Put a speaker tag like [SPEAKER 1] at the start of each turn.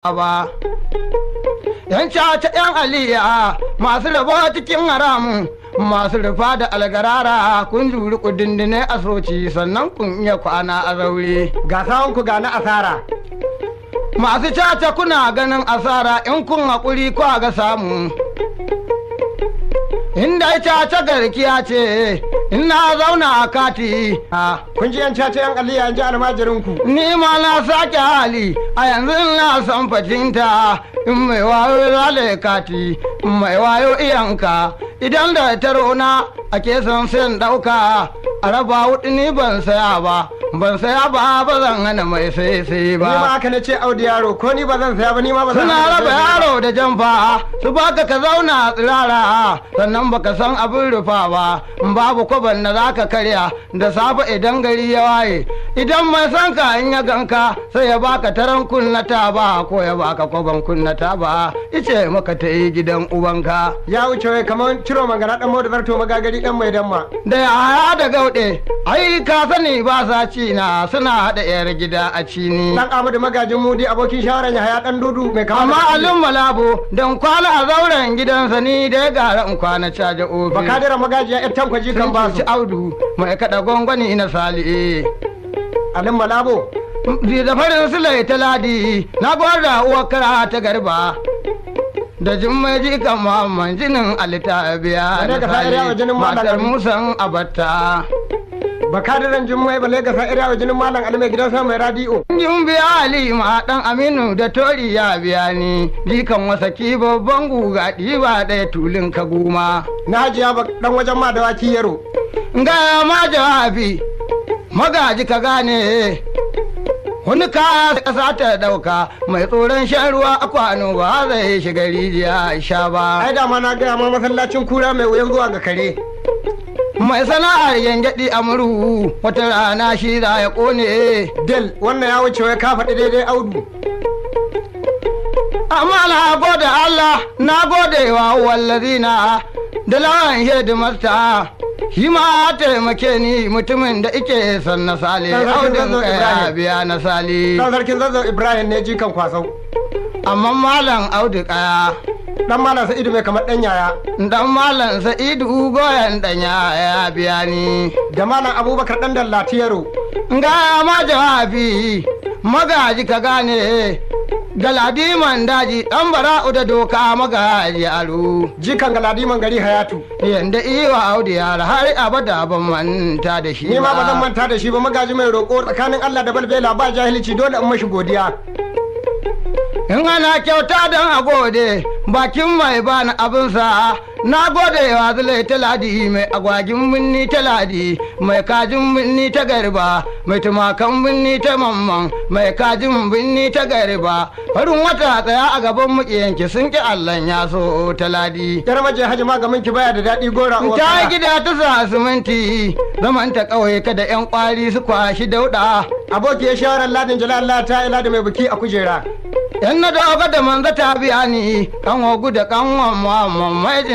[SPEAKER 1] ba. ‘Yan caca ‘yan aliya masu rabo cikin haramun masu rufa da algarara kun juri ku a soci sannan kun iya kwana a zaure. Ga sawun ku gani asara. Masu caca kuna ganin asara in kun haƙuri ko ga samu. inda ita ta garkiya ce ina zauna a kati a kun ji yan caca yan aliya an ji almajirin ku ni ma na sake hali a yanzu na son fajinta in mai wayo zale kati in mai wayo iyanka idan da ta rona ake son sai dauka araba hudu ni ban saya ba ban saya ba ba zan hana mai sai sai ba ni ma ka nace audi yaro ko ni ba zan saya ba ni ma ba zan hana raba yaro da jamfa su baka ka zauna a tsirara sannan baka san abin rufa ba babu kwaban na zaka karya da safe idan gari ya waye idan mai san ka in ya ganka sai ya baka taran kunna ta ba ko ya baka koban kunna ta ba ice maka ta yi gidan ubanka ya wuce wai kamar ciro magana dan mota zarto magagari dan mai damma da ya da gaude ai ka sani ba sa ci na suna hada yar gida a ci ni dan amadu magajin mudi abokin shawaran ya haya dan dudu mai kawo amma alun malabo dan kwala a zauren gidansa ni da ya gara in kwana caja ofis bakadira magajiya ya tankwaji kan ba su audu mai kada gongoni na sali'i. alin malabo bi da farin sula ta ladi na gwara uwar kara ta garba da mai ji kama manjinin alitabiya da sali matar musan abatta jin mai bale ga sa irawa jinin malam almai gidan sa mai radiyo jin biya ali ma dan aminu da tori ya biya ni Jikan wasa ki babban guga diba daya tulin ka goma na ba dan wajen ma da waki yaro ga ma jawabi magaji ka gane wani ka ƙasa ta ɗauka mai tsoron shan ruwa a kwano ba zai shiga rijiya sha ba ai da na gaya ma masallacin kura mai wuyan zuwa ga kare mai sana'a sana'ar gyangyaɗi a murhu wata rana shi za ya ƙone del wannan ya wuce wai ka faɗi daidai audu amma na gode Allah na gode wa wallazina dalawan hedimasta shi ma taimake ni mutumin da ike san na sale audin kaya na sale sarkin zazzau ibrahim ne jikan kwasau amma malam audu kaya dan malam sa'idu mai kamar dan yaya dan malam sa'idu goyon dan yaya biya ni da malam abubakar dan dallatiyaro ga ma jawabi magaji ka gane galadiman daji dan bara'u da doka magaji aro jikan galadiman gari hayatu yanda iwa audu yara har abada ban manta da shi ni ma ba manta da shi ba magaji mai roko tsakanin Allah da balbela ba jahilci dole an mashi godiya in ana kyauta don a gode bakin mai abin sa na gode wa zulai taladi mai agwagin binni taladi mai kajin binni ta garba mai tumakan binni ta mamman mai kajin binni ta garba farin wata tsaya a gaban mukiyanki sun ki Allah ya so taladi yarmace hajji magamin ki baya da daɗi gora wata. ta gida ta sa siminti zaman ta kawai kada yan kwari su kwashi dauɗa. aboki ya shawarar ladin jalal ta ila da mai buki a kujera yan na dogo da manza ta biya ni kan ogu da kan wa mai